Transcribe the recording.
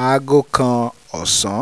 aago kan ọ̀sán